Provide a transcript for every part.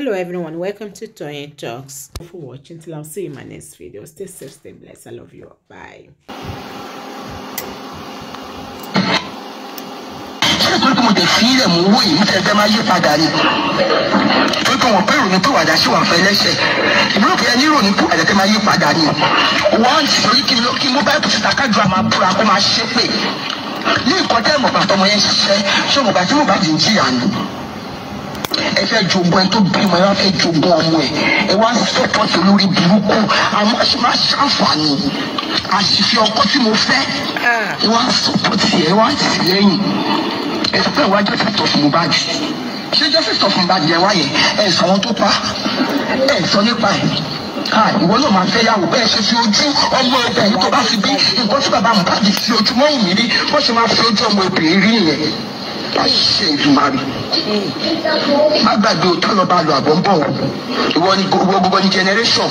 hello everyone welcome to Toyeen Talks Thank you for watching till i'll see you in my next video stay safe stay blessed i love you all. bye pé mú owó yìí mo tẹ̀ máa yí padà ni pé kí wọ́n pé ìròyìn pé wàdà ṣì wà fẹ́ lẹ́sẹ̀ ìbúrò kí ẹni ìròyìn pé wàdà tẹ́ máa yí padà ni wọ́n ti torí kí kí mo bá ẹ̀kọ́ síta kájú àmà búra kó máa ṣépè ní ìkọ́jẹ́ ìmọ̀gbà tọmọ yẹn ṣiṣẹ́ ṣé mo tí mo bá ń jìyà ni ẹ fẹ́ jogún ẹ tó bímọ ẹ wá fẹ́ jogún ọmọ ẹ ẹ wá sọpọ́tì olórí burúkú àwọn aṣọ́nà ṣàǹfààní àṣìṣe ọkọ tí mo fẹ́ ah. ẹ wá sọpọ́tì ẹ wá tìlẹ́yìn ẹ sọ pé ìwájú ti tọ̀ fún Mohbad ṣé jọ́sìn tọ̀ fún Mohbad ẹ wáyẹ ẹ sọ wọn tó pa ẹ sọ nípa ẹ ìwọ náà máa fẹ́ yàwó bẹ́ẹ̀ ṣe fi ojú ọmọ obìnrin tó bá fi bí nǹkan tí bàbá Mohbad fi ojú mọ́ ìmírí wọ́n ṣe máa fi ojú ọmọ obìnrin rí nìyẹn láṣẹ ìdùmarì má gbàgbé o tá lọ bá lọ àbọ̀ ń bọ̀ ìwọ gbogbo ni generation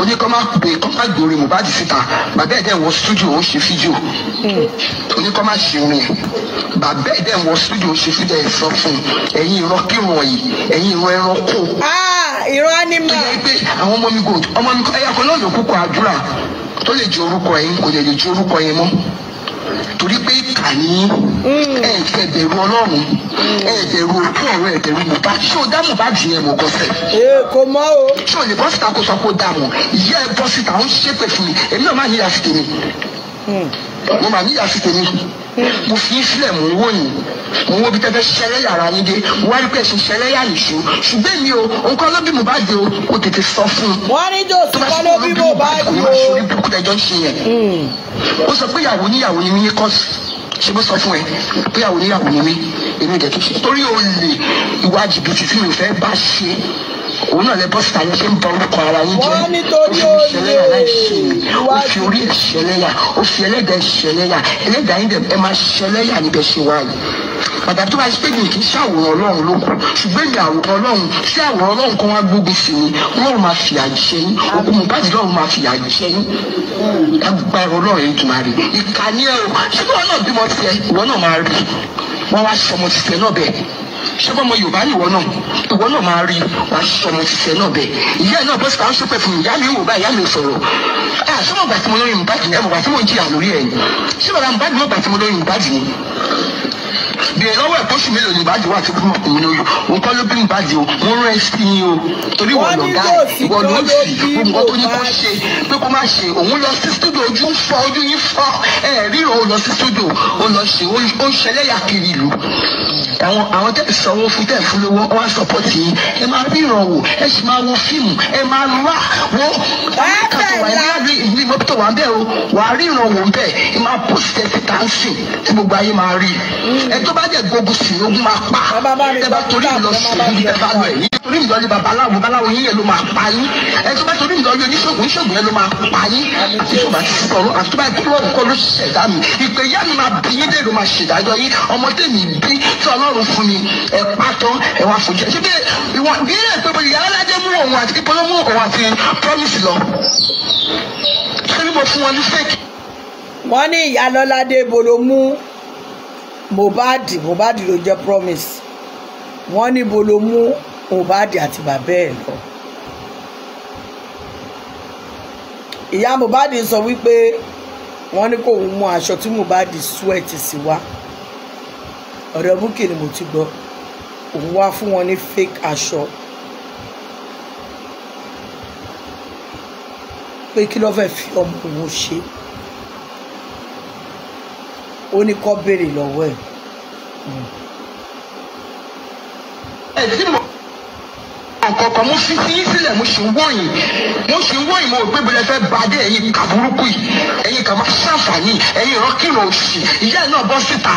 oníkọ́ má pè gbòòrè Mohbad síta bàbá ẹ̀ dẹ̀ wọ studio ó ṣe fídíò oníkọ́ ṣe rìn bàbá ẹ̀ dẹ̀ wọ studio ó ṣe fídíò ẹ̀ sọ fún ẹ̀yin ìran kírun ọ̀yìn ẹ̀yin ìran ẹranko. Ah, ìran animal. tó yẹ àwọn ọmọ mi kò ọmọ mi ẹ̀yà kan náà ló kúkọ àdúrà tó lè jẹ orúkọ yẹn kò lè jẹ orúkọ yẹn mọ́ torí pé ìkà yín mm. ẹ mm. ẹ bẹ̀rù ọlọ́run ẹ ẹ bẹ̀rù ojú ọ̀rọ̀ ẹ bẹ̀rù Mohbad ṣé o dá Mohbad jù yẹn mọ̀ gan sẹ̀. ee kò mọ o. ṣé o lè bọ́ síta kó sọ pé o dá mọ̀ ìyá ẹ bọ́ síta ó ń ṣépè fún mi èmi náà máa níyà sí tèmi mm. mo máa níyà sí tèmi mo fi sílẹ̀ mò ń wò yín mo wo bí tẹ́tẹ́ ṣẹlẹ̀ yàrá yín dé mo wá rí pé ẹ̀sùn ṣẹlẹ̀ yà nìṣó ṣùgbọ́n èmi o nǹkan ló bí mo bá dé o kò tètè sọ fún un. wọ́n ní jòsí kọ́ ló bí mo bá dé o. Hmm. ó sọ pé ìyàwó níyàwó ni mí ní kọ́ọ̀sì ṣe bó sọ fún ẹ pé ìyàwó níyàwó ni mí èmi dẹ̀ ṣe torí olè ìwà òun náà lè bọ́ síta yẹn ṣe ń bọ orúkọ ara yín jẹ́ ó fi ìṣẹ̀lẹ̀yà láìsí ó fi orí ìṣẹ̀lẹ̀yà ó fi ẹlẹ́dàá ìṣẹ̀lẹ̀yà ẹlẹ́dàá yín ẹ máa ṣẹlẹ́yà níbẹ̀ ṣe wáyé pàtàkì tó bá ṣe pé mi kì í ṣàwòrán ọlọ́run ló kù ṣùgbọ́n ìgbà àwòrán ọlọ́run tí àwòrán ọlọ́run kan wá gbógun sí ni ọlọ́run máa fìyà jẹ yín òkú Mohbad lọ́run máa fìyà jẹ yín agbára ọlọ́run yìí tún máa rí ìkànnì ẹ̀ o ṣùgbọ́n ọlọ́run bímọ tiẹ̀ ìwọ náà máa rí wọ́n wá ṣọmọ tiẹ̀ náà bẹ́ẹ̀ ṣọ́bọ́ ọmọ Yorùbá ni ìwọ náà ìwọ náà máa rí wàá sọmọ títẹ náà bẹ ìyá náà bọ́sì kan ṣọpẹ́ fún ìyá mi wò bá ìyá mi sọ̀rọ̀ ah, ṣé mo gbà tí mo lóyún ìbàdí ẹ̀ mo gbà tí mo ń jìyà lórí ẹ̀ ṣé bàbá mo gbà tí mo lóyún ìbàdí ni bèrè lọ́wọ́ ẹ̀kọ́ oṣù mélòó ni ìbàdí wà tí kò mọ̀ òun ni oyún kọ́ ló bí ìbàdí o mo rán ẹsẹ̀ ni o torí wọ́n lọ gá ìwọ ló sì gbogbo tó ní kó ṣe pé kó má ṣe òun lọ sí studio ojú ń fọ ojú yín fọ ẹ ríro ó lọ sí studio ó lọ ṣe ó ń ṣẹlẹ́yà kiri ìlú àwọn àwọn tẹ́ sanwó fún tẹ́ fún lówó wá sọpọ́tì yín ẹ máa ríran wò ẹ sì máa wo fíìmù ẹ máa rà wo kàtó wà ní ìlú mọ́tò wà bẹ́ẹ̀ o wà á ríran wò bẹ́ẹ̀ ẹ máa pòsítẹ́ sí táǹsì tí gbogbo ayé máa rí ẹ tó bá dẹ̀ gbógun sí ogun pa ẹ bá torí mi lọ sí ẹ bá lọ ẹ̀yìn torí mi ní babaláwo babaláwo yín yẹn ló máa pa yín ẹ tó bá torí mi lọ oníṣègùn oníṣègùn yẹn ló máa pa yín àti tó bá ti sí tọrọ àti tó bá kí lọ́ọ̀rù kọ́ ló ṣẹ̀dá mi ìpè yá mi máa bí yín dé ló máa ṣèdájọ́ yín ọmọdé mi bí tí ọlọ́run fún mi ẹ pátọ́ ẹ wá fojú ẹ ṣe bí ìwọ̀n bí ní fake. wọ́n bolo mú Mohbad Mohbad ló jẹ́ promise wọ́n níbo ló mú Mohbad àti bàbá ẹ̀ lọ. ìyá Mohbad sọ wípé wọ́n ní kò ń mú aṣọ tí Mohbad sweat sí wa ọ̀dọ̀ Bukky ni mo ti gbọ́ òun wá fún wọn ní fake aṣọ pé kí ló fẹ́ fi ọmọ òun ṣe ó ní kọ́ béèrè lọ́wọ́ ẹ̀. ẹ tí mo nǹkan kan mo fi sí yín sílẹ̀ mo ṣì ń wọ̀nyìn mo ṣì ń wọ̀nyìn mo gbé bẹ̀rẹ̀ fẹ́ bàdé ẹ̀yin kà burúkú yìí ẹ̀yin kà ṣàǹfààní ẹ̀yin ìrọ́kìrọ̀ òṣì ìyá ẹ̀ náà bọ́ síta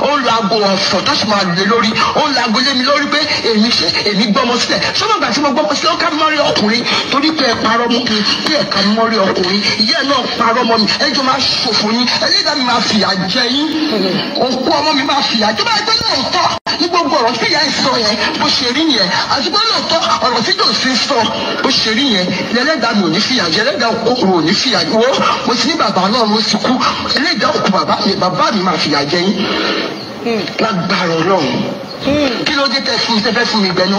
ó ń lo aago ọ̀fọ̀ tó sì máa lè lórí ó ń lo aago lé mi lórí pé èmi ṣe èmi gbọ́mọ sílẹ̀ sọ́dọ̀ gbà tí mo gbọ́mọ sílẹ̀ ó ká mọ́rí ọkùnrin torí pé ẹ parọ́ mú mi pé ẹ ká mọ́rí ọkùnrin ìyá náà parọ́ mọ́ mi ẹjọ́ máa ṣòfò yín ẹlẹ́dàá mi máa fìyà jẹ yín òkú ọmọ mi máa fìyà jẹ báyìí pé lóòótọ́ ní gbogbo ọ̀rọ̀ tí ìyá ẹ̀ sọ yẹn bó ṣe rí yẹn àti pé lóòótọ́ ọ̀rọ̀ tí jòsí sọ bó ṣe rí yẹn lẹ́lẹ́dàá mi ò ní fìyà jẹ ẹlẹ́dàá òkú ò ní fìyà jẹ wọ́n mo ti ní bàbá náà mo ti kú ẹlẹ́dàá òkú bàbá mi bàbá mi máa fìyà jẹ yín hmm. lágbára ọlọ́run kí ló dé tẹ̀ fún fún mi gbẹ̀nu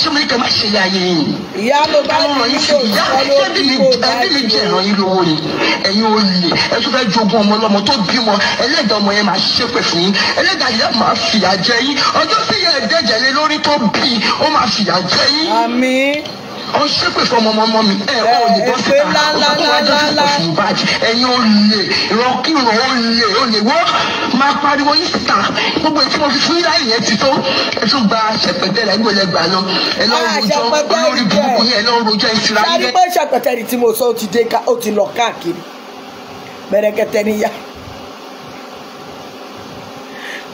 ṣé mo ní kẹ́ máa ṣe ya yẹn yìí. ìyá ló bá ní kó ìyá ẹbí mi jẹ ìran yín lówó ni ẹ̀yin ò lè ẹ tún fẹ́ jogún ọmọ ọlọ́mọ tó bímọ ẹlẹ́dàá ọmọ yẹn máa ṣépè fún yín ẹlẹ́dàá yẹn máa fìyà jẹ yín ọjọ́ sí yẹn ẹ̀dẹ́jẹ̀ lé lórí tó bí ó máa fìyà jẹ yín ọ ń ṣépè fún ọmọ ọmọ mi ẹ ọ lè bọ́ síta ọjọ́ tó wájú sí pọ̀sùn bájì ẹ̀yin ò lè ìrọ̀kìrọ̀ ò lè ò lè wọ́ máa pariwo yín síta gbogbo ètò mo fi fún yíyá ìyẹn ti tó ẹ tún gba ṣẹpẹtẹ rẹ gbọlẹ gbà náà ẹ lọ ah, rojọ́ olórí burúkú yẹn ẹ lọ rojọ́ ìsira yẹn. sáré pé ṣẹpẹtẹ rẹ tí mo sọ ó ti dé ká ó ti lọ káàkiri bẹ̀rẹ̀kẹ̀tẹ̀ níyà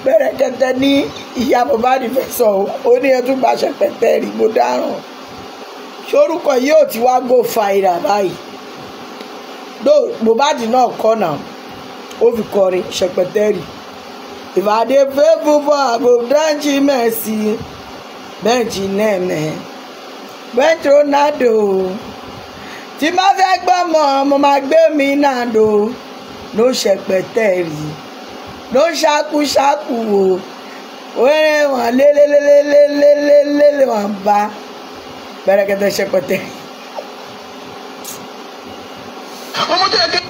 bẹ̀rẹ̀kẹ̀tẹ̀ ní ìyá bàbá rẹ fẹ́ sọ ó ní ẹ tún gba ṣẹpẹtẹ rẹ mo dáràn sorúkọ yìí ò ti wá go fàìrà báyìí dó Mohbad náà kọ́ náà ó fi kọrin ṣẹpẹtẹ́rì if I dey faithful for above danji mercy benji nẹ́ẹ̀mẹ́ bentronado tí má fẹ́ gbọ́mọ mo máa gbé mi náà do ló ṣẹpẹtẹ́rì ló ṣákúṣákú o ó rẹ̀ wọ́n lélélélélélélélé bá bẹ́rẹ̀kẹ́tẹ́ que ọmọ tó yẹ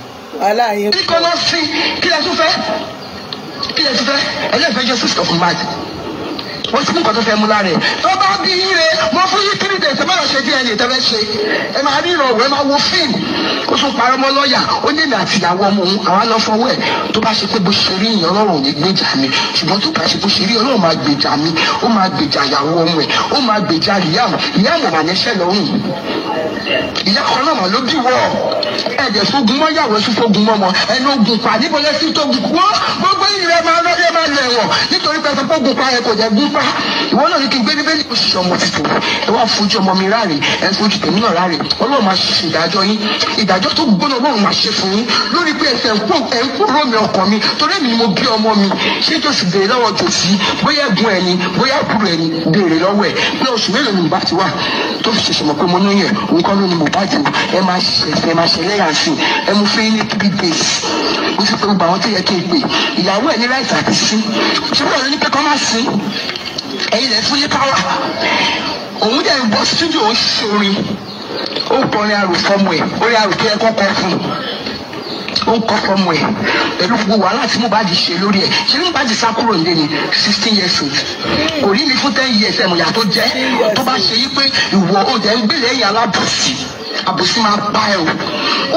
Olha wàhálà yín. kí kọ́lọ́ sí kí ẹ tún fẹ́ kí ẹ tún fẹ́ ẹ ó sì ní nǹkan tó fẹ́ mú lára ẹ̀ tó bá bí ire mo fún yí three days ẹ má lọ ṣe dna tẹ́lẹ̀ ṣe ẹ máa rí ìrọ̀wọ́ ẹ máa wo fíìmù ó tún parọ́ mọ́ lọ́ọ̀yà ó ní èmi àti ìyàwó ọmọ òun àwa lọ fọwọ́ ẹ̀ tó bá ṣe pé bó ṣe rí ìyẹn ọlọ́run ò ní gbèjà mi ṣùgbọ́n tó bá ṣe bó ṣe rí ọlọ́run máa gbèjà mi ó máa gbèjà ìyàwó ọmọ ẹ̀ ó máa gbèjà ìyáàmù ìyáàmù wà níṣẹ́ lọ́rùn ìyá kan náà mà ló bí wọ́ ẹ̀ẹ́dẹ̀ fógun mọ́ yàwó sí fógun mọ́ mọ́ ẹni ogun pàdé bọ́lẹ́sí tó gùn wọ́n sínú ẹ̀wọ̀n nítorí pé ẹsẹ̀ fóògùn pa ẹ jẹ́ gún ìwọ náà ní kí n gbé bíbélì kò ṣiṣẹ́ ọmọ títò ẹ wá fojú ọmọ mi ráre ẹ fojú tèmi náà ráre ọlọ́run máa ṣe ìdájọ́ yín ìdájọ́ tó gbóná ọlọ́run máa ṣe fún yín lórí pé ẹsẹ̀ ẹ ń kúrò mi ọkàn mi torí èmi ni mo bí ọmọ mi ṣé jòsù béèrè lọ́wọ́ jòsì bóyá ẹ̀gbọ́n ẹni bóyá àbúrò ẹni béèrè lọ́wọ́ ẹ̀ pé oṣù mélòó ni mo bá ti wà tó fi ṣẹ̀ṣẹ̀ mọ̀ pé mo lóyún nǹkan ló ni mo bá jù ẹ máa ṣẹ̀ṣẹ̀ ẹ máa ṣẹlẹ̀ yàn sí ẹ mo fẹ́ ní three days mo ti pé gbogbo àwọn tó yẹ kí n pè ìyàwó ẹ̀ ní láìsàn àti sí ṣùgbọ́n ọ̀rọ̀ ní pé kọ́ máa sí ẹ̀yin lẹ́ fún ní power òun dẹ̀ ń bọ́ studio ó ṣorin ó kọrin àròfọmù ẹ̀ orí àròkẹ́ ẹ̀kọ́ kan fún ó ń kọ́ fọmù ẹ̀ pẹ̀lú gbogbo wàhálà tí Mohbad ṣe lórí ẹ̀ ṣé Mohbad sá kúrò nílé ni sixteen years old kò rí mi fún ten years ẹ̀ mọ̀yà tó jẹ́ tó bá ṣe yí pé ìwọ ó dẹ̀ ń gbélé ẹ̀yà alábòsí àbòsí máa bá ẹ o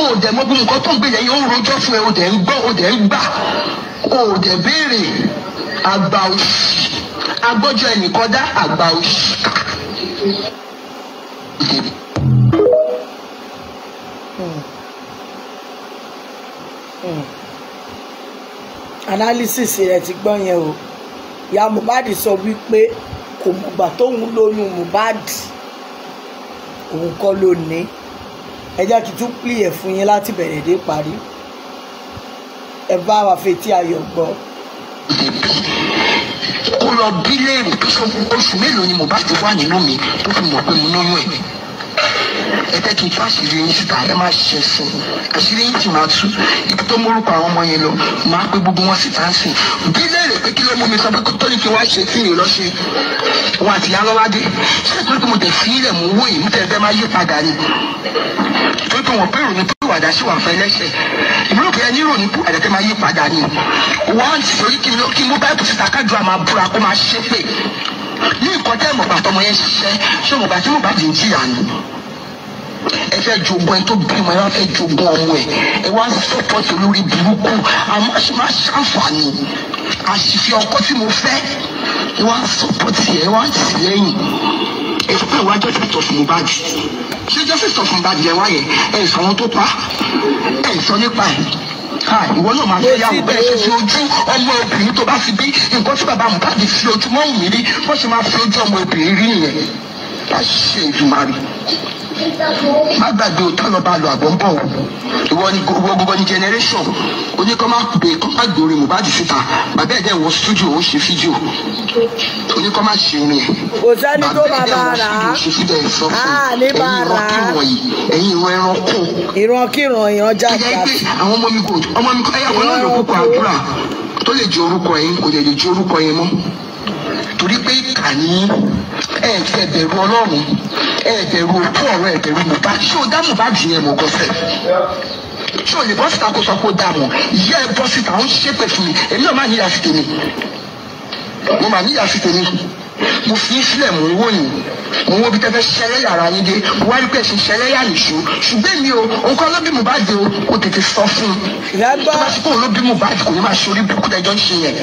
ó dẹ̀ mọ́ bí nǹkan tó ń gbélé ẹ̀yà ó rojọ́ fún ẹ ó dẹ̀ ń gbọ́ ó dẹ̀ ń gbà o ò dẹ̀ béèrè àgbà òṣì agbójú ẹnìkan dá àgbà òṣì. analysis rẹ̀ ti gbọ́ yẹn o ìyá Mohbad sọ wípé kò mọ̀gbà tóun lóyún Mohbad òun kọ́ ló ní ẹ jẹ́ kí n tún pìlì ẹ̀ fún yín láti bẹ̀rẹ̀ dé parí ẹ bá wa fetí ayọ̀ gbọ́. ó lọ bí léèrè tó oṣù mélòó ni Mohbad ti wà nínú mi tó fi mọ̀ pé mo lóyún ẹ̀ ẹ tẹ́ kí n tú àṣírí yín síta ẹ má ṣe sùn àṣírí yín ti máa tú ibi tó mórúkọ àwọn ọmọ yẹn lọ máa pé gbogbo wọn sì tán sí bí léèrè pé kí ló mú mi sọ pé tó ní kí wá ṣe tí lọ ṣe wọn àti alọ́wádé ṣé ìpínlẹ̀ mo tẹ̀ fi ilẹ̀ mú wòye mo tẹ̀ fẹ́ máa yí padà ni tó ronúpìwàdà ṣì wà fún ẹlẹ́ṣẹ̀ ìmúlò pé ẹni ronúpìwàdà tẹ́ máa yí padà ni wọ́n ti sori kí n mú báyìí síta kájúà máa búra kó máa ṣépè ní nǹkan tẹ́ tọmọ yẹn ṣiṣẹ́ ṣé mọ̀gbà tí mọ̀gbà dìí jìyà ni ẹ fẹ́ jogún ẹ tó bímọ ẹ wá fẹ́ jogún ọmọ ẹ ẹ wá sọpọ́tì olórí burúkú àmọ́ ṣe máa ṣàǹfààní àṣìṣe ọkọ tí mo fẹ́ ẹ wá sọpọ́tì ẹ wá tì lẹ́yìn ẹ sọ pé ìwájọ́ ti tọ̀ sí Mohbad ṣé jésù sọ̀tún bá jẹ wáyé ẹ sọ ohun tó pa ẹ sọ nípa ẹ ìwọ náà máa fẹ́ yàwó bẹ́ẹ̀ ṣe fi ojú ọmọ obìnrin tó bá fi bí nǹkan tí bàbá Mohbad fi ojú mọ́ òmìnirí wọ́n ṣe máa fi ojú ọmọ obìnrin rí nìyẹn láṣẹ ìdùmarè má gbàgbé o táwọn ọba àlọ àgbọ̀ ń bọ̀ ìwọ ni gbogbo ni generation oníkọ́ má pè kọ́ má gbòòrè Mohbad síta bàbá ẹ̀dẹ̀ wọ studio ó ṣe fídíò oníkọ́ má ṣe orin ẹ̀ bàbá ẹ̀dẹ̀ wọ studio ó ṣe fídíò ẹ̀ sọ fún ah, ẹ̀yin ìran kíran yìí ẹ̀yin ìran ẹranko. ìran kíran ìran jáde àti. àwọn ọmọ mi kò ọmọ mi kò ẹ̀yà kan náà ló kókó àdúrà tó lè jẹ orúkọ yẹn kò lè jẹ orúkọ yẹn mọ́ torí pé ìkànnì ẹ ẹ bẹ̀rù ọlọ́run ẹ bẹ̀rù òkú ọ̀rọ̀ ẹ bẹ̀rù Mohbad ṣé o dá Mohbad jù yẹn mọ̀ gọ́sẹ̀ ṣé o lè bọ́ síta kó sọ pé ó mọ̀ ìyá bọ́ síta ó ń ṣépè fún mi èmi náà máa níyà sí tèmi mo máa níyà sí tèmi mo fi í sílẹ̀ mò ń wò yín mò ń wo bí tẹ́tẹ́ ṣẹlẹ̀ yàrá yín dé wá rí pé ṣẹlẹ̀ yà nìṣó ṣùgbọ́n èmi o nǹkan ló bí Mohbad o kò tètè sọ fún un tó bá ti kó o ló bí Mohbad kò ní máa ṣe orí burúkú ń ṣe yẹn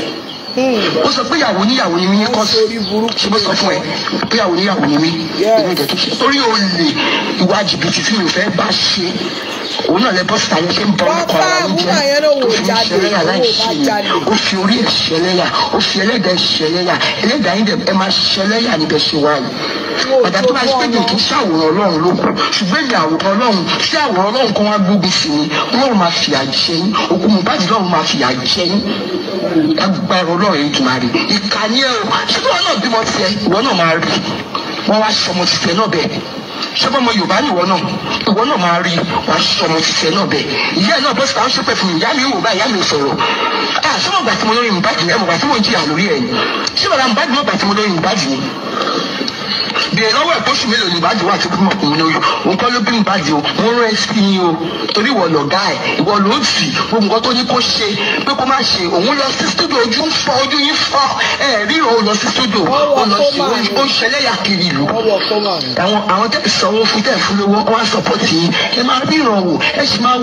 ó sọ pé ìyàwó níyàwó ni mí ní kọ́sì ṣé mo sọ fún ẹ pé ìyàwó níyàwó ni mí èmi ìdẹ̀tún ṣe torí olè ìwà jìbìtì tí mi fẹ́ bá ṣe òun náà lẹ bọ́ síta yẹn ṣe ń bọ́ ọkọ ara ń jẹ́ tó fi ń ṣẹlẹ́yà láìṣe ó fi orí ẹ̀ ṣẹlẹ́yà ó fi ẹlẹ́dàá ṣẹlẹ́yà ẹlẹ́dàá yín ẹ máa ṣẹlẹ́yà níbẹ̀ ṣe wáyé ọ̀dà tó bá ṣe pé kìí ṣàwòrán ọlọ́run ló kù ṣùgbọ́n èdè àwòrán ọlọ́run tí àwòrán ọlọ́run kan wá gbógun sí ni ọlọ́run máa fìyà jẹ yín òkú Mohbad lọ́run máa fìyà jẹ yín agbára ọlọ́run yìí tún máa rí ìkànnì ẹ̀ o ṣé tí wọ́n náà bímọ tiẹ̀ ìwọ wá ṣọmọ tiẹ̀ náà bẹ́ẹ̀ ṣé bọ́mọ yorùbá ni ìwọ náà ìwọ náà máa rí wàá ṣiṣẹ́ ọmọ títẹ náà bẹ́ẹ̀ ìyá náà bọ́sì kan ṣépè fún ìyá mi ò bá ìyá mi sọ̀rọ̀ à ah, ṣé mo gbà tí mo lórí Mohbad ẹ̀ mo gbà tí mo ń jìyà lórí ẹ̀ ṣé bàbá Mohbad mo gbà tí mo lórí Mohbad ni bèrè lọ́wọ́ ẹ̀kọ́ oṣù mélòó ni Mohbad wà tí kúmọ̀ kún un lóyún òun kọ́ ló bí Mohbad o wọ́n rẹ̀ sí i o torí ìwọ lọ̀gá ẹ̀ ìwọ ló ń tì gbogbo nǹkan tó ní kó ṣe pé kó má ṣe òun lọ sí studio ojú ń fọ ojú yín fọ ẹ ríro ó lọ sí studio ó lọ sí ó ń ṣẹlẹ̀ yà kiri ìlú àwọn àwọn sanwó fún tẹ̀ fún lówó wá sọpọ́tì yín ẹ máa ríran wò ẹ sì máa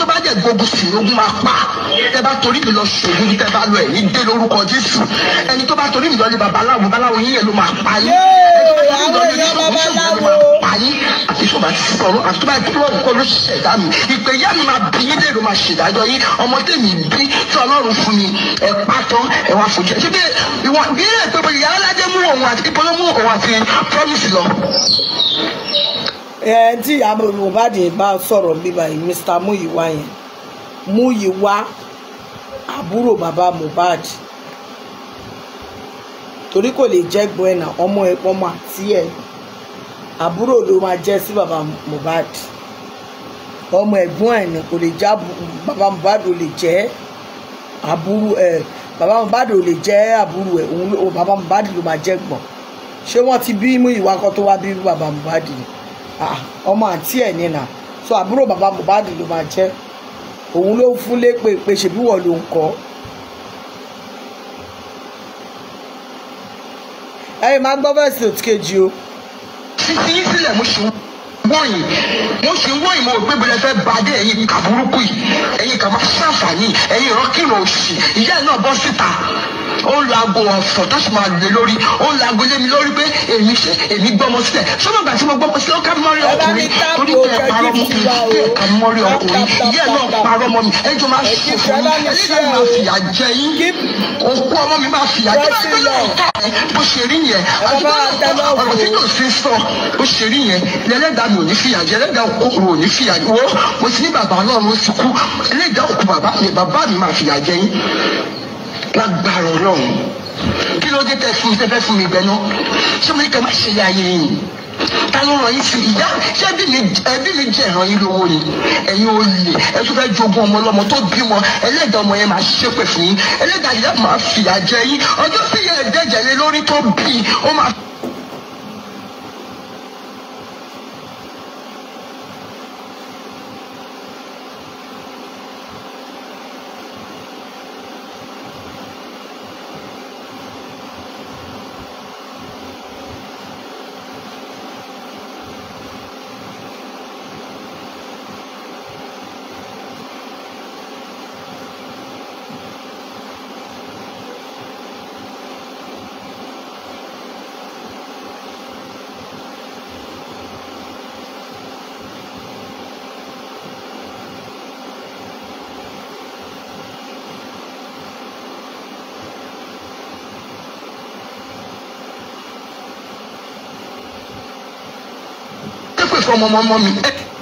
wo bá jẹ gbogbo sùn ogun máa pa tẹ bá torí mi lọ ṣògùn bí tẹ bá lọ ẹ̀yìn dé lórúkọ jésù ẹni tó bá torí mi lọ lé babaláwo babaláwo yín yẹn ló máa pa yín ẹni tó bá torí mi lọ lé babaláwo máa pa yín àti tó bá ti sọ̀rọ̀ àti tó bá ti lọ́wọ́ kọ́ ló ṣẹ̀dá mi ìpè yá mi máa bí yín dèrò máa ṣèdájọ́ yín ọmọ tèmi bí tí ọlọ́run fún mi ẹ pátán ẹ wá fojú ẹ ṣe bí ìwọ bí pé ìyá alájẹ mú òun àti ìpolówó òun àti promise lọ ẹ tí Mohbad bá sọ̀rọ̀ bíbá yìí Mr Muyiwa yẹn Muyiwa àbúrò bàbá Mohbad torí kò lè jẹ́ gbọ́n ẹ̀nà ọmọ ọmọ àti ẹ̀ àbúrò ló máa jẹ́ sí bàbá Mohbad ọmọ ẹ̀gbọ́n ẹ̀ ni kò lè jẹ́ bàbá Mohbad ò lè jẹ́ àbúrò ẹ̀ bàbá Mohbad ò lè jẹ́ àbúrò ẹ̀ òun bàbá Mohbad ló máa jẹ́ gbọ́n ṣé wọ́n ti bí Muyiwa kan tó wá bí bàbá Mohbad ni. Ah, ọmọ àti ẹ̀ ni so àbúrò bàbá Mohbad ló máa jẹ́ òun ló fún lépè pé ṣèbí wọ̀ ló ń kọ́ ẹ̀yin máa gbọ́ bẹ́ẹ̀ sí òtún kejì o. títí yín sílẹ̀ mo ṣe wọ́yìn mo ṣe mo gbé bẹ̀rẹ̀ fẹ́ yìí ṣàǹfààní òṣì ìyá náà bọ́ síta ó ń lo aago ọ̀sán tó sì máa lè lórí ó ń lo aago lé mi lórí pé èmi ṣe èmi gbọ́mọ sílẹ̀ sọ́dọ̀ gbà tí mo gbọ́mọ sílẹ̀ ó ká mọ́rí ọkùnrin torí pé ẹ parọ́ mọ́ mi pé ká mọ́rí ọkùnrin ìyá náà parọ́ mọ́ mi ẹ jọ máa sùn fún mi ẹ jọ máa fìyà jẹ yín òkú ọmọ mi máa fìyà jẹ yín lọ́wọ́ ìka ẹ bó ṣe rí yẹn àti ọ̀rọ̀ tí yóò ṣe sọ bó ṣe rí yẹn lẹ́lẹ́dàá mi ò ní fìyà jẹ lẹ́lẹ́dàá òkú ò ní fìyà jẹ wo mo ti ní bàbá ọlọ́run ó ti kú lẹ́lẹ́dàá òkú bàbá mi bàbá mi máa fìyà jẹ yín lágbára ọlọ́run kí ló dé tẹ fún tẹfẹ fún mi gbẹ náà ṣé mo ní kẹ má ṣe ya yẹn yìí ta ló ràn yín sí ìyá ṣé ẹbí mi ẹbí mi jẹ ìràn yín lówó ni ẹ̀yin ò lè ẹ tún fẹ́ jogún ọmọ ọlọ́mọ tó bímọ ẹlẹ́dàá ọmọ yẹn máa ṣépè fún yín ẹlẹ́dàá yẹn máa fìyà jẹ yín ọjọ́ tí yẹn ẹ̀dẹ́jẹ̀ lé lórí tó bí ó máa. fún ọmọ ọmọ mi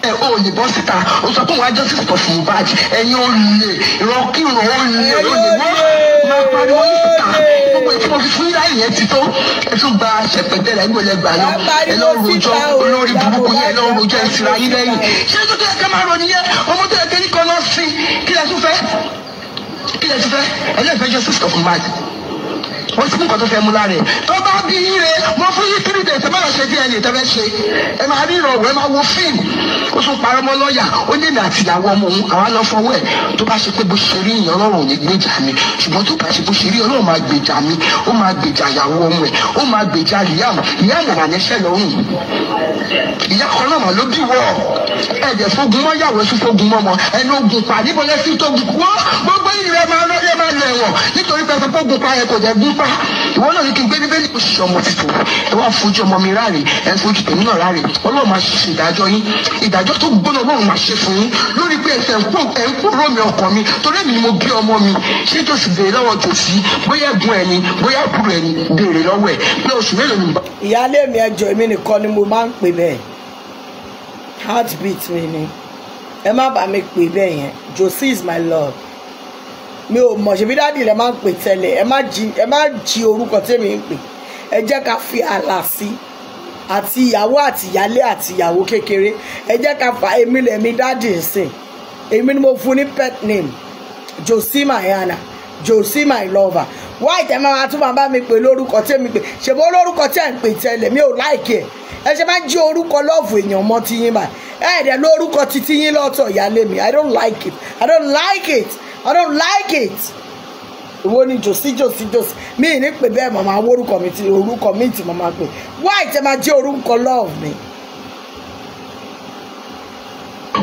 ẹ ò yìnbọn síta o sọ pé òun ajọ́ sísọ fún un báàjì ẹ̀yin ò lè ìrọ̀kìrọ̀ ò lè ò lè wọ́n máa pariwo yín síta gbogbo ìfún òfin fún yíyá ìyẹn ti tó ẹ tún gba ṣẹpẹtẹ rẹ gbọlẹ gbà lọ ẹ lọ rojọ́ olórí burúkú yẹn ẹ lọ rojọ́ ẹ sira yín lẹ́yìn ṣé tó tẹ ká máa rọ nìyẹn ọmọ tó yẹ kẹ́ ní kan lọ sí kí lẹ fẹ́ kí lẹ fẹ́ ẹ lẹ́ẹ̀fẹ́ jọ sísọ fún báàjì ó sì nǹkan tó fẹ́ mú lára tó bá bí ire wọ́n fún yín three days ẹ má lọ ṣe tẹ́fẹ́ ṣe ẹ máa rí ìrọ̀wọ́ ẹ máa wo fíìmù ó tún parọ́ mọ́ lọ́ọ̀yà ó ní èmi àti ọmọ òun àwa lọ fọwọ́ ẹ̀ tó bá ṣe pé bó ṣe rí ìyàn ọlọ́run ò ní gbèjà mi ṣùgbọ́n tó bá ṣe bó ṣe rí ọlọ́run máa gbèjà mi ó máa gbèjà ìyàwó ọmọ ẹ̀ ó máa gbèjà ìyáàmù ìyáàmù wà níṣẹ́ lọ́rùn ìyá kan náà ló bí wọ́ ẹ̀jẹ̀ fogun mọ́ yàwó sí fogun mọ́ mọ́ ẹni ogun pa níbo lẹ́sìn tó gùn wọ́n gbogbo ìrẹ́ máa ìwọ náà ní kí n gbé bíbélì kò ṣe ọmọ títò ẹ wá fojú ọmọ mi ráre ẹ fojú tèmi náà ráre ọlọ́run máa ṣe ìdájọ́ yín ìdájọ́ tó gbóná ọlọ́run máa ṣe fún yín lórí pé ẹsẹ̀ ẹ ń kúrò mi ọkàn mi torí èmi ni mo bí ọmọ mi ṣé jòsù béèrè lọ́wọ́ jòsì bóyá ẹ̀gbọ́n ẹni bóyá àbúrò ẹni béèrè lọ́wọ́ ẹ pé oṣù mélòó ni. ìyáálé mi ẹjọ èmi nìkan ni mo máa ń pè bẹ́ẹ̀ heartbeat mi ni ẹ má bàa mi pè bẹ́ẹ̀ yẹn jòsì is my love mi ò mọ̀ ṣebí dáàdì lẹ máa ń pè tẹ́lẹ̀ ẹ má jí ẹ má jí orúkọ tèmi ń pè ẹ jẹ́ ká fi àlà sí àti ìyàwó àti ìyálé àti ìyàwó kékeré ẹ jẹ́ ká fa èmi lèmi dáàdì sìn èmi ni mo fún ní pet name Josie my Anna Josie my lover wá ìtẹ́ máa tún máa bá mi pè lórúkọ tèmi pè ṣèbó lórúkọ tí ẹ̀ ń pè tẹ́lẹ̀ mi ò láìkí ẹ̀ ẹ ṣe máa ń jí orúkọ lọ́ọ̀fù èèyàn mọ́ tiyín báyìí ẹ̀ẹ́dẹ̀ lórúkọ titi yín ìyálé mi I don't like it I don't like it. I don't like it ìwo ni jòsí jòsí jòsí mi ní pè bẹ́ẹ̀ màmá orúkọ mi ti orúkọ mi ti màmá pè why tẹ máa jẹ́ orúkọ love mi.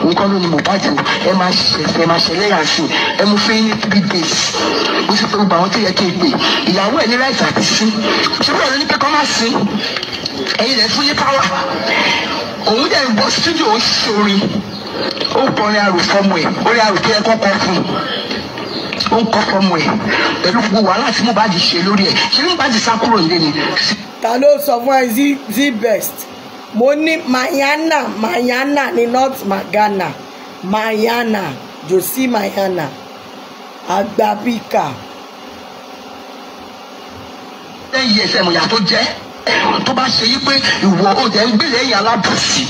nǹkan ló ni Mohbad ẹ máa ṣẹ̀ṣẹ̀ ẹ máa ṣẹlẹ̀ yà sí ẹ mú fún yín three days mo sì pé gbogbo àwọn tó yẹ kí n pè ìyàwó ẹ ní láìsí àti sí ṣùgbọ́n ọ̀rọ̀ ní pé kọ́ máa sí ẹ̀yin lẹ́ fún yín power òun dẹ̀ ń bọ́ studio ó ṣorin ó kọrin àròfọ́mù ẹ̀ ó rí àròkẹ́ ẹ̀kọ́ kan fún un ó ń kọ́ fọmọ ẹ̀ pẹ̀lú gbogbo wàhálà tí Mohbad ṣe lórí ẹ̀ ṣé Mohbad sá kúrò nílé ni. ta ló sọ fún ẹ zbest mo ní mayana mayana ní north magana mayana josi mayana agbábíkà. ten years ẹ̀mọ̀yà tó jẹ́ tó bá ṣe yí pé ìwọ ó jẹ́ ń gbélé ẹ̀yà alábòsí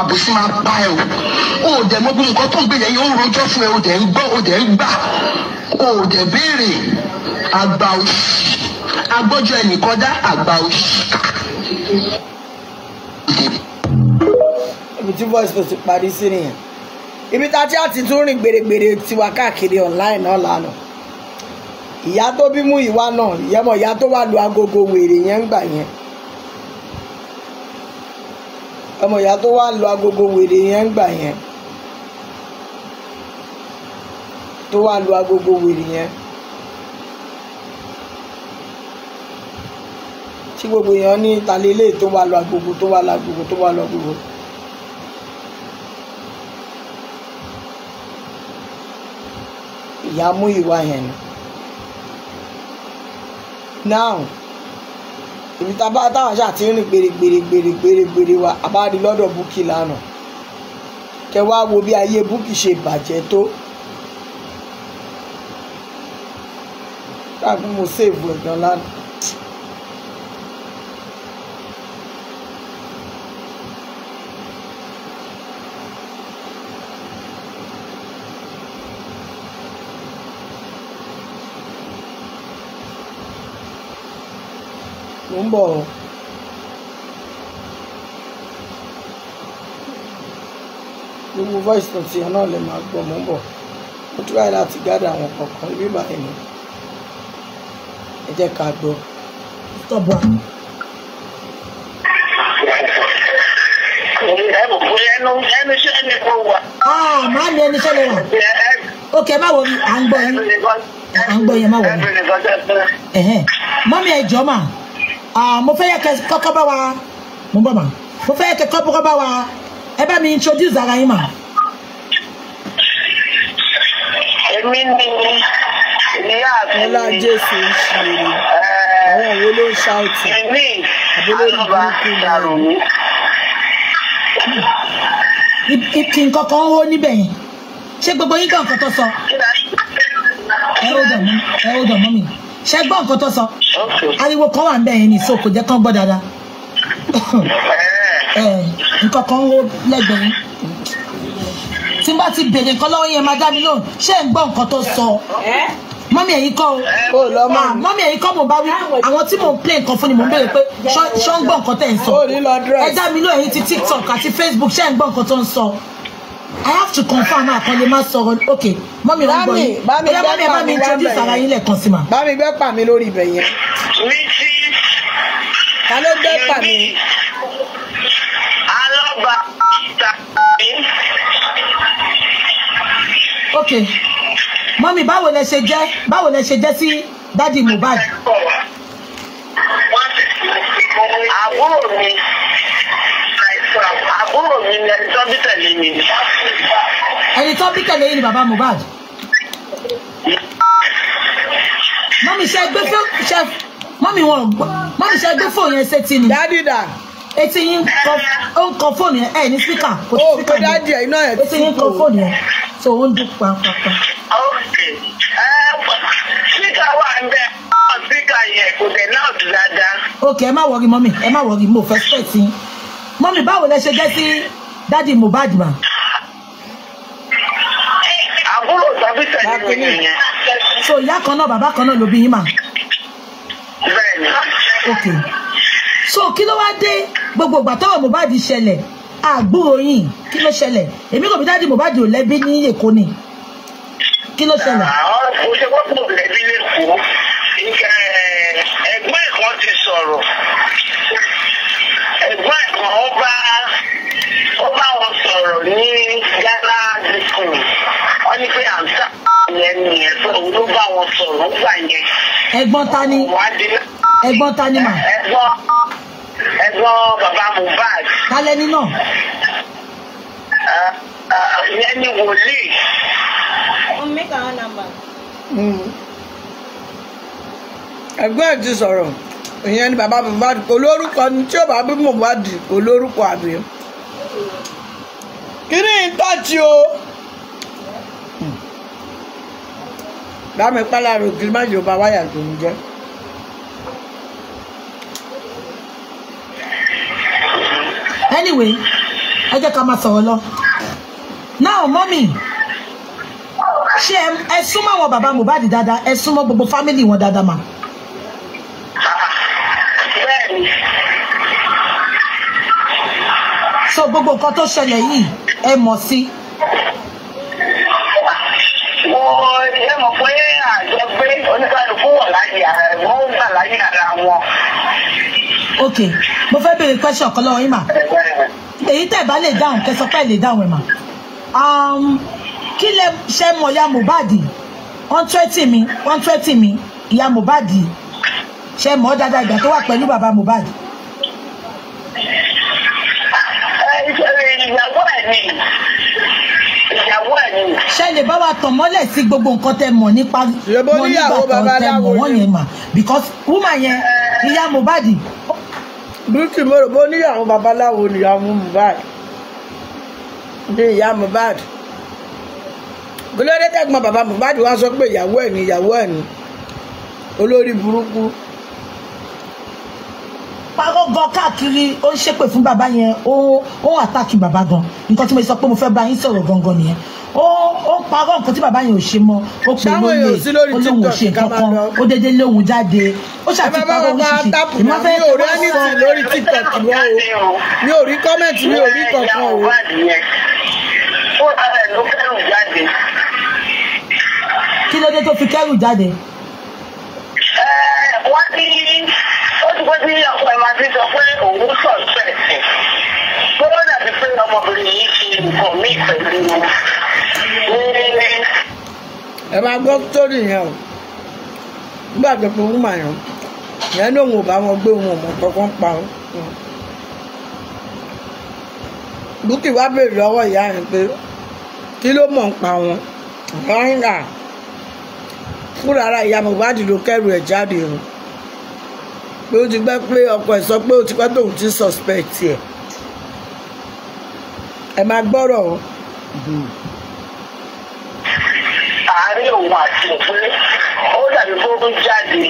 àbòsí máa bá ẹ o ó dẹ̀ mọ́ nǹkan tó ń gbélé ẹ̀yà ó rojọ́ fún ẹ ó dẹ̀ ń gbọ́ ó dẹ̀ ń gbà o ò dẹ̀ béèrè àgbà òṣì agbọ́jọ́ ẹnìkan dá àgbà òṣì. ibi tí voice post parí sí nìyẹn ibi tá a ti àti tún rìn gbèrègbèrè tiwa káàkiri online náà lánàá ìyá tó bí mú ìwá náà ìyẹmọ ìyá tó wà lu agogo wèrè yẹn ń gbà yẹn ọmọ ìyá tó wà lu agogo wèrè yẹn ń gbà yẹn tó wá lu agogo wèrè yẹn tí gbogbo èèyàn ní ìtàlélé tó wá lu agogo tó wá lu agogo tó wá lu agogo. ìyá mú ìwà yẹn ni now ibi tá a bá táwọn aṣáà ti rìn gbèrègbèrègbèrègbèrè wa a bá rí lọ́dọ̀ búkì lánàá kẹ wá wo bí ayé búkì ṣe bàjẹ́ tó. káàkiri mo sèèbù ẹ̀gàn lánàá. mo ń bọ̀ ọ́. gbogbo voice note yẹn náà lè máa gbọ́ mo ń bọ̀ mo try láti gádà àwọn kọ̀ọ̀kan bí báyìí ni ẹ jẹ́ ká gbọ́. tọ́ba. Ah, má lè ẹni sẹ́lẹ̀ wà. ok má wọ à ń gbọ́ yẹn à ń gbọ́ yẹn má wọ yẹn. mọ́mí ẹ jọ́ ah, mà mo fẹ́ yẹ kọ́kọ́ bá wa mo bọ̀ mà mo fẹ́ yẹ kọ́kọ́ bá wa ẹ bá mi introduce ara yín mà. èmi ni ọlá jésù ń ṣe é àwọn òwe ló ń ṣáùtì àbólórí burúkú ni kí n kankan ó níbẹ̀ yẹn ṣé gbogbo yín kan nǹkan tó sọ ẹ ó dàn mí ẹ ó dàn mọ́ mi ṣe gbọ́ nǹkan tó sọ ariwo kan wà ń bẹ̀ yẹn ni so kò jẹ́ kán gbọ́ dáadáa eh. Eh, nǹkan kan ó lẹ́gbẹ̀ẹ́ yín tí n bá ti bèrè nǹkan lọ́wọ́ yẹn máa dá mi lóhùn ṣé ń gbọ́ nǹkan tó sọ. Eh? mọ́mí ẹ̀yin kọ́ o ò lọ máa ah, mọ́mí ẹ̀yin kọ́ mo bá wí àwọn tí mo ń play nǹkan fún ni mo ń béèrè pé ṣọ́ ń gbọ́ nǹkan tẹ̀ ń sọ ẹ dá mi ló ẹ̀yin ti tiktok àti facebook ṣẹ́ ń gbọ́ nǹkan tó ń sọ i have to confirm àkànlé má sọ̀rọ̀ ok mọ́mí ló ń gbọ́ yín bóyá mọ́mí ẹ bá mi introduce ara yín lẹ́ẹ̀kan sí ma. bá mi gbẹ́ pà mí lórí ibẹ̀ yẹn. ta ló gbẹ́ pà mí. alọ́gbà ok mọ́mí báwo lẹ ṣe jẹ́ báwo lẹ ṣe jẹ́ sí dádì Mohbad. àbúrò mi àbúrò mi ni ẹni tó bí tẹ̀lé mi ni. ẹni tó bí tẹ̀lé yìí ni bàbá Mohbad. mọ́mí ṣe gbé fún ṣe mọ́mí wọn mọ́mí ṣe gbé fún òun yẹn ṣe tì ní. dádì dà etí yín ó ń kan fóònù yẹn ẹ ní spíkà kò sí oh, spíkà yẹn etí yín kan fóònù yẹn tó ń dún pàápàá. spíkà wà ń bẹ spíkà yẹn kò dé náà dáadáa. ok ẹ má wọrí mọ́mì ẹ má wọrí mo fẹ́ sẹ́ẹ̀ sí mọ́mì báwo lẹ ṣe jẹ́ sí dádì Mohbad mà. àbúrò tàbí tẹ̀lé mi nìyẹn. so ìyá kan náà bàbá kan náà ló bí yín mà. bẹ́ẹ̀ni. ok so kí ló wá dé gbogbo ìgbà tọ́wọ́ Mohbad ṣẹlẹ̀ àgbúrò yìí kí ló ṣẹlẹ̀ èmi kò bí dáàdi Mohbad ò lẹ́bí ní Èkó ni kí ló ṣẹlẹ̀. àwọn ọ̀ṣẹ́ wọ́n kò lẹ́bí lẹ́kọ̀ọ́ ẹ̀gbọ́n ẹ̀kan ti sọ̀rọ̀ ẹ̀gbọ́n ẹ̀kan ó bá ó bá wọn sọ̀rọ̀ ní Ghana disco wọ́n ní pé à ń tà yẹn nìyẹn òun ló bá wọn sọ̀rọ̀ ó gbà yẹn. ẹ̀gbọ́n ta ni ẹ̀gbọ́n ta ni ẹ̀gbọ́n bàbá Mohbad. kálẹ̀ nínà. ìyẹn ni wòlíì. wọ́n mẹ́ta wọn nàmbà. ẹ̀gbọ́n ẹ̀ ti sọ̀rọ̀ ìyẹn ni bàbá Mohbad kò lórúkọ ni tí ó bá bí Mohbad kò lórúkọ àbí. kí ni ìtọ́jú o. dámi pálá rògì má jò bá wáyà tó ń jẹ́. anyway ẹ jẹ́ ká máa sọ̀rọ̀ lọ now mọ́mì ṣé ẹ súnmọ́ àwọn bàbá Mohbad dáadáa ẹ súnmọ́ gbogbo fámìlì wọn dáadáa mà. so gbogbo nǹkan tó ṣẹlẹ̀ yìí ẹ mọ̀ sí. mo ṣe mọ̀ pé àjọ pé oníkàlùkù wà láyé àwọn ó gbà láyé ara wọn ok mo fẹ́ béèrè question kan lọ́wọ́ yín mà èyí tẹ́ bá lè dáhùn kẹ́ sọ pé lè dáhùn ẹ̀ mà um, kí lẹ ṣe mọ̀ ya Mohbad one twenty mi one twenty mi ìyá Mohbad ṣe mọ̀ dáadáa ìgbà tó wà pẹ̀lú bàbá Mohbad. ìyàwó ẹ̀ ni ìyàwó ẹ̀ ni. ṣe lè bá wa tàn mọ́lẹ̀ sí gbogbo nǹkan tẹ́ mọ̀ nípa wọn nígbà kan tẹ́ mọ̀ wọ́n yẹn mà because woman yẹn ìyá Mohbad Bukky moro rò bó ní àwọn babaláwo ni àwọn Mohbad ní ìyá Mohbad gbọlọ́dẹ́ tẹ́gbọ́n bàbá mubad wá sọ pé ìyàwó ẹ̀ ni ìyàwó ẹ̀ ni olórí burúkú. parọ́ gan káàkiri ó ń ṣépè fún bàbá yẹn ó ń àtàkì bàbá gan nǹkan tí mo sọ pé mo fẹ́ bá yín sọ̀rọ̀ gangan nìyẹn ó ó parọ́ nǹkan tí bàbá yẹn ò ṣe mọ́ ó pè lóye ó lóun ò ṣe nǹkan kan ó dédé lóun jáde ó ṣàti parọ́ oríṣiríṣi ìmọ̀ fẹ́ tó wá sọ. mi ò rí ẹni lórí tiktok mọ́ o mi ò rí kọ́mẹ̀ntì mi ò rí kankan o. ó ara ẹ̀ ló kẹ́rù jáde. kí ló dé tó fi kẹ́rù jáde. Eh, wọ́n ti ó ti pẹ́ sí ọkọ̀ ẹ̀ máa ti sọ pé òun sọ̀tún ẹ̀sìn. bọ́lá dàbí pé ọmọbìnrin yìí fi nǹkan mí pẹ̀lú ẹ máa gbọ́ sórí yẹn o nígbà tó fi wúmà yẹn yẹn ní òun ò bá wọn gbé òun ò mọ̀ kankan pa o. Búkì wá béèrè lọ́wọ́ ìyá yẹn pé kí ló mọ̀ ń pa wọn rárá fúnra ara ìyá Mohbad ló kẹ́rù ẹ̀ jáde o pé ó ti gbẹ́ pé ọkọ ẹ̀ sọ pé ó ti pẹ́ tóun ti suspect ẹ̀ ẹ̀ máa gbọ́rọ̀ o. Mm-hmm. tó jáde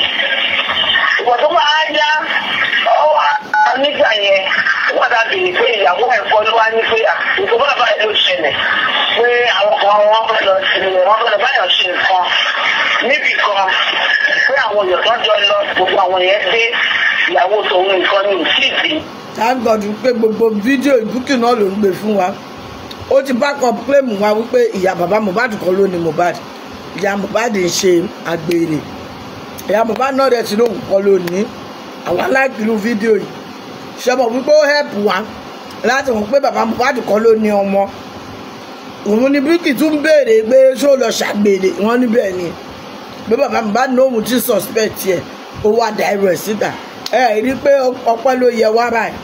ìgbà tó máa yá nígbà yẹn wọ́n ta bèrè pé ìyàwó ẹ̀kọ́ ló wá ní pé ìgbà bọ́lá báyìí ló ṣẹlẹ̀ pé àwọn kan wọ́n fẹ́ lọ sílẹ̀ wọ́n fẹ́ lọ báyọ̀ ṣe nǹkan níbì kan pé àwọn èèyàn tó jọ lọ gbogbo àwọn yẹn dé ìyàwó tòun nǹkan ní òsì thank god wípé gbogbo fídíò ìbúkì ló ń gbé fún wa ó ti back up claim wa wípé ìyá bàbá Mohbad kan ló ní Mohbad ìyá Mohbad ń ṣe àgbèrè ìyá bàbá náà rẹ̀ sí lóun kọ́ lónìí àwọn aláìkìlú fídíò yìí ṣọmọ wípé ó help wá láti mọ̀ pé bàbá Mohbad kọ́ ló ní ọmọ òun ni Bíkì tún béèrè pé ṣó lọ ṣàgbèrè wọn níbẹ̀ ni pé bàbá Mohbad ní òun ti suspect yẹ ó wà dàrú ẹ̀ síta ẹ rí i pé ọpẹ́ ló yẹ wá báyìí.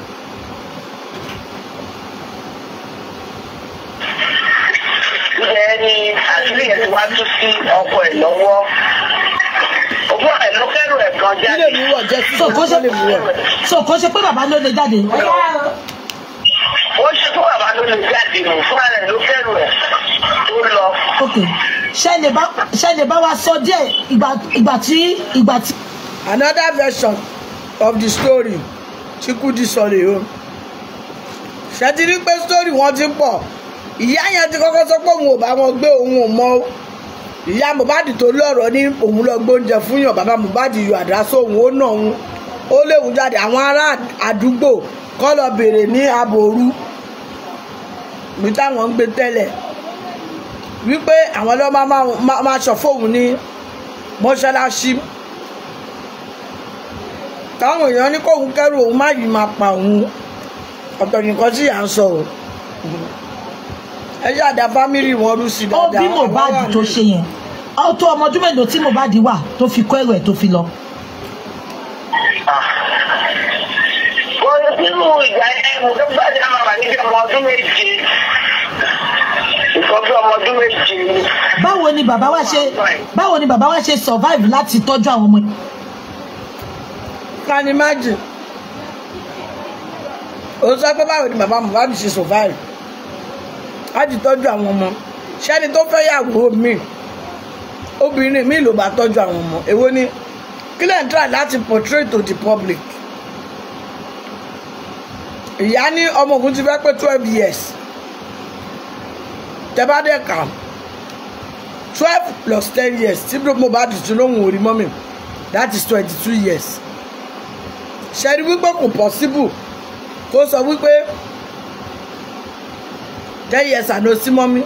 ilẹ̀ ni àtúnyẹ̀ tí wàá tún sí ọkọ̀ ẹ̀ lọ́wọ́ òkú ilé mi wọ̀ jẹ́ sísè kó lè mú wọ̀. so kò ṣe pé bàbá ló lè jáde. ó ṣe pé bàbá ló lè jáde nù fúnra rẹ̀ ló kẹ́rù ẹ̀ tó lọ. ok ṣe lè bá wa sọ díẹ̀ ìgbà tí ìgbà tí. another version of the story Chikudi sọ̀rọ̀ o ṣe ti rí pé story wọn ti pọ̀ ìyá yẹn ti kọ́kọ́ sọ pé òun ò bá wọn gbé òun ò mọ ìyá Mohbad tó lọ́rọ̀ ní òun lọ gbóúnjẹ fún yàn bàbá Mohbad yọ àdásó òun ó nà òun ó léwu jáde àwọn ará àdúgbò kọ́ lọ bèrè ní aboru bí táwọn ń gbé tẹ́lẹ̀ wípé àwọn lọ́ máa ṣọ̀fóun ní mọ́ṣáláṣí táwọn èèyàn ní kóun kẹ́rù òun má yìí máa pa òun ọ̀tọ̀ nìkan tí à ń sọ ẹ ṣáà dá fámìlì wọn rú sí dáadáa. ó bí Mohbad tó ṣe yẹn ó tó ọmọ ọdún mélòó tí Mohbad wà tó fi kó ẹrù ẹ̀ tó fi lọ. Ah. nínú ìgbà yẹn mo tó bá dá màmá níbi ọmọ ọdún méje nǹkan bí ọmọ ọdún méje. báwo ni bàbá wa ṣe báwo ni bàbá wa ṣe survive láti tọ́jú àwọn ọmọ yẹn. can imagine. o sọ pé báwo ni bàbá Mohbad ṣe survive láti tọ́jú àwọn ọmọ ṣẹ́ni tó fẹ́ yàwó mi obìnrin mi ló bá tọ́jú àwọn ọmọ èwo ni kílẹ̀ ń try láti portray to the public ìyá ní ọmọ ògùn ti fẹ́ pé twelve years tẹ bá dẹ̀ twelve plus ten years tí mo bá dùtú lóhùn orí mọ́mì that is twenty two years ṣẹ́ni wípé kò possible kó sọ wípé ten years àná sí mọ́mí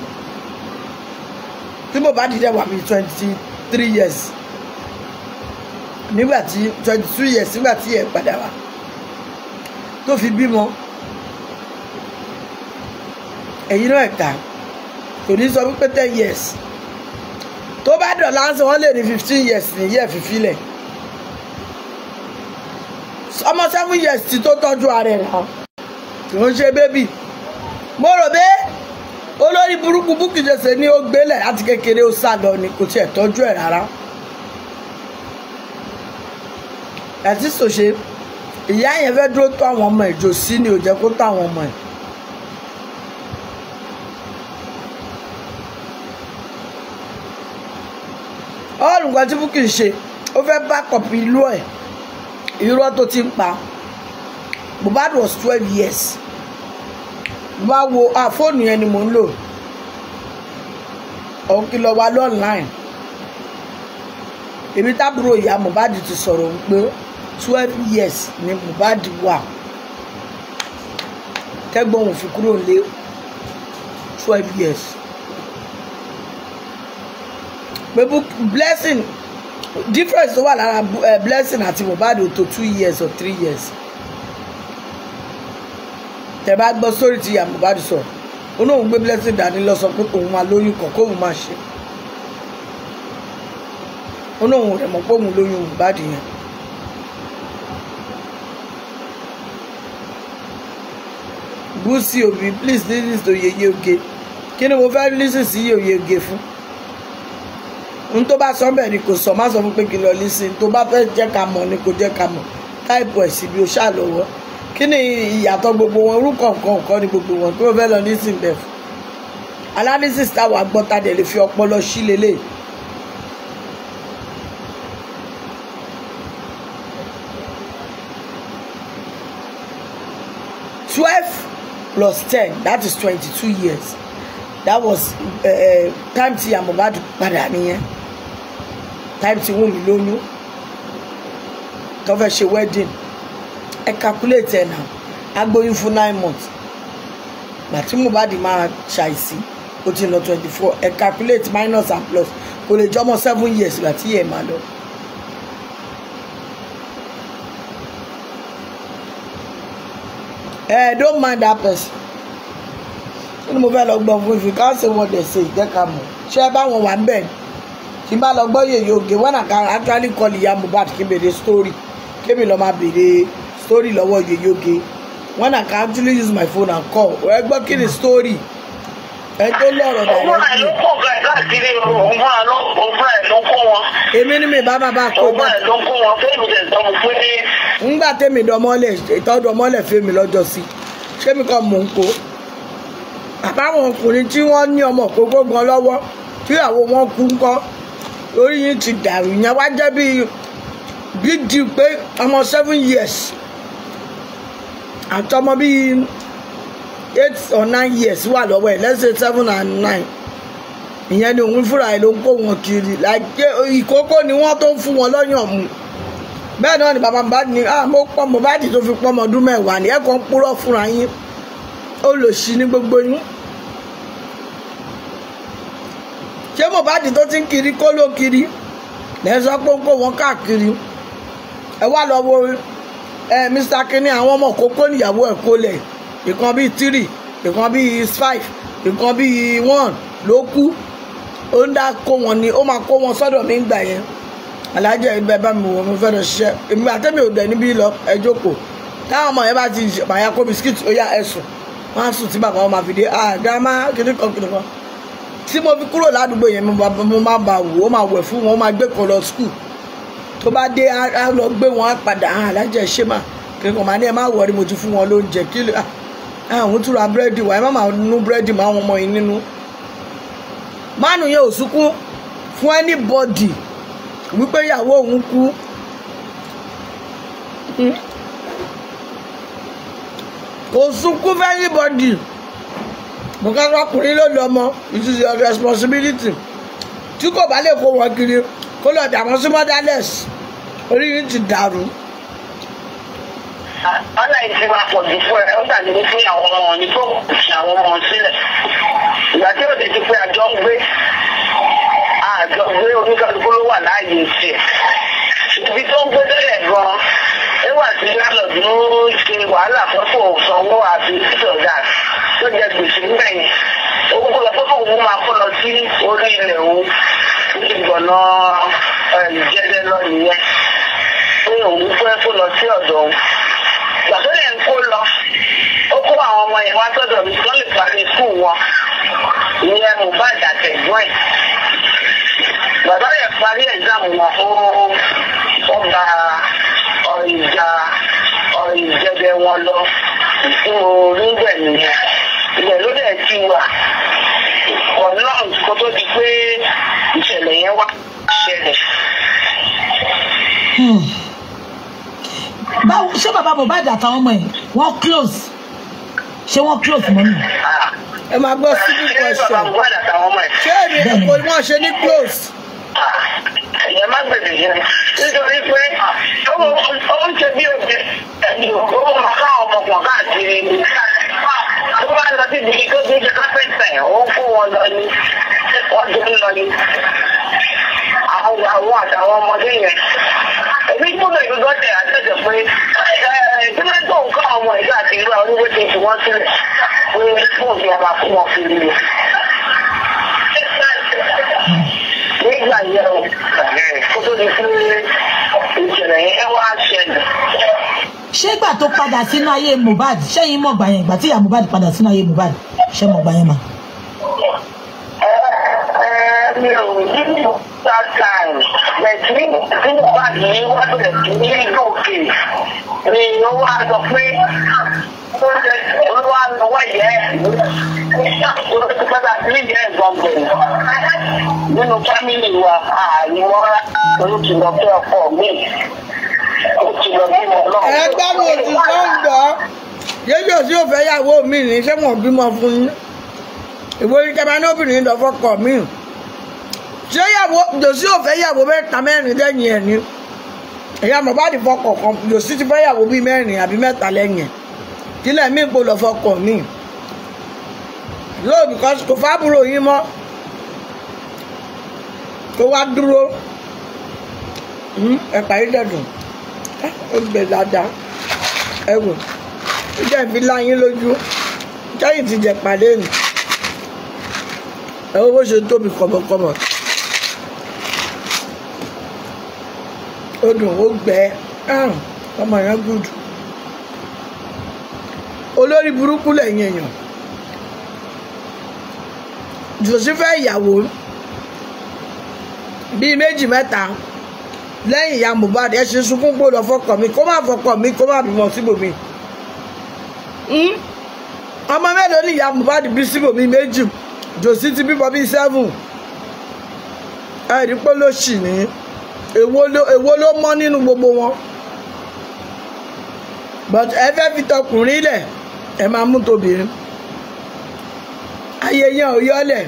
tí mo bá dìde wà mí twenty three years nígbà tí twenty two years nígbà tí yẹn padà wá tó fi bímọ ẹ̀yin náà ẹ̀ka kò ní sọ wípé ten years tó bá dọ̀la ń sọ wọ́n lè ní fifteen years nìyí ẹ̀ fífi lẹ̀ ọmọ seven years ti tó tọ́jú ara ẹ̀ náà kì í ṣe bébì mo rò bẹ́ẹ̀ olórí burúkú Bukky Jesse ní ó gbélẹ̀ láti kékeré ó sá lọ ni kò tiẹ̀ tọ́jú ẹ̀ rárá àti sòṣe ìyá yẹn fẹ́ dúró tó àwọn ọmọ ẹ̀ jò sí ni ò jẹ́ kó tó àwọn ọmọ ẹ̀. ọ̀rùn kan tí Bukky ṣe ó fẹ́ bá kọ̀pì ìlú ẹ̀ irọ́ tó ti ń pa Mohbad was twelve years bá wo ah, fóònù yẹn ni mò ń lò òun kí lọ wá lọ́nláìn èmi tábúrò ìyá Mohbad ti sọ̀rọ̀ pé twelve years ni Mohbad wà tẹ́gbọ́n òun fi kúrò lé twelve years pé blessing difference tó wà lára blessing àti Mohbad ò tó two years or three years tẹ́ bá gbọ́ sórí ti ìyá Mohbad sọ̀rọ̀ olóhùn gbé blessing dání lọ sọ pé òun máa lóyún kan kóun máa ṣe olóhùn rẹ̀ mọ̀ pé òun lóyún ìbàdí yẹn. Bùsí òbí please listen to yeye oge kí ni mo fẹ́ listen sí yeye oge fún n tó bá sọ bẹ́ẹ̀ ni kò sọ má sọ fún pé kí n lọ listen tó bá fẹ́ jẹ́ ká mọ̀ ni kò jẹ́ ká mọ̀ táìpù ẹ̀ síbi ó ṣàlọ́wọ́ kí ni ìyàtọ̀ gbogbo wọn orúkọ nǹkan ni gbogbo wọn kí fẹ́ lọ ní sìnbẹ̀ fún analysis táwọn agbọ́ta dẹ̀ lè fi ọpọlọ sí lélẹ̀. twelve plus ten that is twenty-two years that was uh, time tí Mohbad padà nìyẹn time tí Wùnmí lóyún tó fẹ́ ṣe wedding. ẹ calculate ẹ nà agbóyún fún nine months gbàtí Mohbad minus and plus kò lè jọmọ seven years gbàtí yẹ máa lọ. Eh, don't mind that person kí ni mo fẹ́ lọ you fún say ká ṣe say dẹ̀ ṣe ìjẹ́ka mọ̀ ṣé ẹ wà bá oge wọ́n Mohbad story story lọ́wọ́ Yeyoge when I can actually use my phone and call ẹ gbọ́ kí ni story ẹ tó lọ́rọ̀ lọ́wọ́ sí. òun àlọ́ kọ̀ gáì káàkiri òun àlọ́ òun àlọ́ kọ̀ wọn. èmi ni mi bá bàbá kó bá. òun àlọ́ kọ̀ wọn fẹ́mi tẹ̀ dánwò fún mi. ńgbà tèmi dọmọlẹ ìtọ́dọmọlẹ fẹ́mi lọ́jọ́ sí ṣé mi kàn mò ń kó. àbáwọn ọkùnrin tí wọ́n ní ọmọ kókó gan lọ́wọ́ tíyàwó wọn kú ńkọ́ lórí yìí ti dàrú ìyẹn wá jẹ́ bíi bíi di pé ọmọ seven years àtọmọ bíi eight or nine years wà lọ́wọ́ ẹ̀ let's say seven and nine ìyẹn ni òun fúnra ẹ̀ ló ń kó wọn kiri eh, ìkókó ni wọ́n tó ń fún wọn lọ́yàn mu bẹ́ẹ̀ náà ni bàbá Mohbad ni ah mo pọ́n Mohbad tó fi pọ́n ọmọ ọdún mẹ́wàá ni ẹ̀kọ́ ń purọ́ fúnra yín olòṣì ní gbogbo yín ṣé Mohbad tó ti ń kiri kó ló kiri lẹ́sọ̀ pé ń kó wọn káàkiri ẹ wá lọ wo ẹ eh, Mr. Kini àwọn ọmọ kókó níyàwó ẹ̀ kó lẹ̀ ìkan bíi three ìkan bíi five ìkan bíi one ló kú ó ń dá kó wọn ni ó máa kó wọn sọ́dọ̀ mi gbà yẹn alájẹ ẹgbẹ́ bá mi wọ̀ mo fẹ́ lọ ṣiṣẹ́ èmi àtẹ́mi ò dẹ̀ níbí lọ ẹ jókòó táwọn ọmọ yẹn bá ti bàyà kó bisikíìtì ó yá ẹ̀sùn wọ́n á sùn tí bàbá wọn máa fi dé àdámá kìnnìkan kìnnìkan tí mo fi kúrò ládùúgbò yẹn mo máa bà wò ó máa wẹ̀ fún wọn ó máa gbé kan lọ skul tó bá dé á lọ gbé wọn padà hàn ah, alájẹ ṣé mà kí wọn máa ní ẹ má wọrí mo ti fún wọn lóúnjẹ kí lè àwọn ah, ah, túra búrẹ́dì wà ẹ má máa nú búrẹ́dì máa wọn mọ yín nínú. mánu yẹn ò sunkún fún anybody wípé ìyàwó òun kú hmm? kò sunkún fún anybody bùkátà ọkùnrin ló lọ ọmọ it is your responsibility tí kò bá lè kó wọn kiri kó lọ dàmọ́ sí motherless orí ti dàrú. ọ̀nà ìsìn máa pọ̀ jù fún ẹ ó dàbí wípé àwọn ọmọ ní tó kù àwọn ọmọ sílẹ̀ ìgbà tí òde ti pé àjọ ń gbé àjọ gbé oníkàlùkù ló wà láàyè tiẹ̀ ibi tó ń gbé tẹ́lẹ̀ gan-an nígbà tí lálọ́dún ń ṣe wàhálà fọ́fọ́ sanwó àti ìtọ́jà tó jẹ gbèsè nígbà yẹn owó kó fọ́fọ́ òun máa kó lọ sí orí ilẹ̀ òun ní ìgbọ̀nà ìjẹ́dẹ́ lọ fún òun fẹ́ kó lọ sí ọ̀dọ̀ òun gbàtó ń kó lọ ó kó àwọn ọmọ yẹn wá sọ́dọ̀ mi wọ́n parí skul wọn ìyẹn Mohbad àtẹ̀gbọ́n ẹ̀ gbàtó parí exam wọn ó gba ìjà ìjẹbẹ wọn lọ orí bẹ̀ nìyẹn ilẹ̀ ló dẹ̀ ti wà ọ̀nà kó tó di pé ìṣẹ̀lẹ̀ yẹn wá ṣẹlẹ̀. Hmm báwo ṣé bàbá Mohbad àtàwọn ọmọ ẹ̀ wọ́n close ṣé wọ́n close mọ́ mi. ẹ máa gbọ́ síbí question ṣé èmi kò wọ́n ṣe ní close. ẹ̀yẹ má gbèsè yìí nítorí pé ó ń ṣe bí òbí ẹ̀yìn òwò màkà ọmọ kan káàkiri tó bá lọ sí ibi tó ti jẹ kápẹ́tẹ̀ ó fún wọn lọ ni wọ́n ti ń lọ ni àwọn àtàwọn ọmọdé yẹn gbọ́dọ̀ ìgbẹ́gbẹ́ tẹ̀ àtẹ̀jẹ̀ pé ìdílé tó ń kọ́ àwọn ìlú àti ìlú àwọn oníwé tó ti wọ́n sílẹ̀ pé fún òbí àbá fún wọn fi rí o. nígbà yẹn o kó tó di fún ìṣẹ̀lẹ̀ yẹn ẹ wá ṣẹlẹ̀. ṣé ìgbà tó padà sínú ayé Mohbad ṣẹ́yìn mọ̀gbà yẹn ìgbà tí ìyá Mohbad padà sínú ayé Mohbad ṣẹ́ mọ̀gbà yẹn mà mi mi ò ti sọ ń gbọ́ yéjò sí òfẹ́ yàwó mi ní sẹ́wọ̀n bímọ fún yín ìwé ìjọba ní obìnrin lọ fọkọ mi ṣé yàwó jòsí ò fẹ́ yàwó mẹ́ta mẹ́rin lẹ́yìn ẹ̀ ni ìyá Mohbad fọkọ kan jòsí ti fẹ́ yàwó bíi mẹ́rin àbí mẹ́ta lẹ́yìn ẹ̀ kílẹ̀ mi kò lọ fọkọ mi lóò bìkọ́sì kò fábùrò yín mọ́ kó wá dúró hmm, ẹ̀pà yìí dẹ̀dùn ó gbẹ dáadáa ẹ̀wò ó jẹ́ ìfi láyín lójú jẹ́yìn ti jẹ̀ pàdé nù ẹ wo bó ṣe tóbi kọ̀mọ̀kọ̀mọ̀ ó dùn ó gbẹ ọmọ yẹn gùdù olórí burúkú lẹ́yìn èèyàn jòsífẹ́ ìyàwó bíi méjì mẹ́ta lẹ́yìn ìyá Mohbad ẹ ṣe sunkún gbọ́dọ̀ fọkọ a kó má fọkọ mi kó má bímọ síbòmí hm? ọmọ mélòó ni ìyá Mohbad bí síbòmí méjì jòsí ti bímọ bíi seven ẹ̀rí pé ló ṣì ní èwo ló mọ́ nínú gbogbo wọn but ẹ fẹ́ fi tọkùnrin lẹ̀ ẹ máa mú tobìnrin ayé yẹn ò yọlẹ̀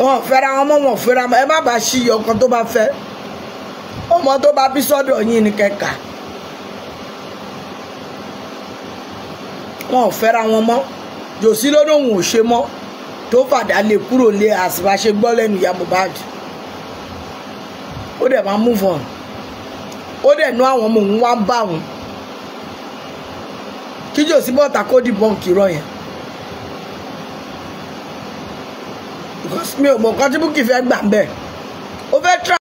wọn fẹ́ra wọn mọ́ wọn fẹ́ra ẹ má bàa ṣí iye ọkàn tó bá fẹ́ ọmọ tó bá bí sọ́dọ̀ yín ni kẹ̀kà wọn fẹ́ra wọn mọ́. Jòsí ló lóun ò ṣe mọ́ tó fàdá lè kúrò lé àsìbá ṣe gbọ́ lẹ́nu ìyá Mohbad ó dẹ̀ máa move on ó dẹ̀ nú àwọn ọmọ òun wá ń bá òun kí Jòsí bọ́ta kó dìbọn kìrọ̀ yẹn because mi ò mọ̀ nǹkan tí Bukky fẹ́ gbà ń bẹ̀ ó fẹ́ tra.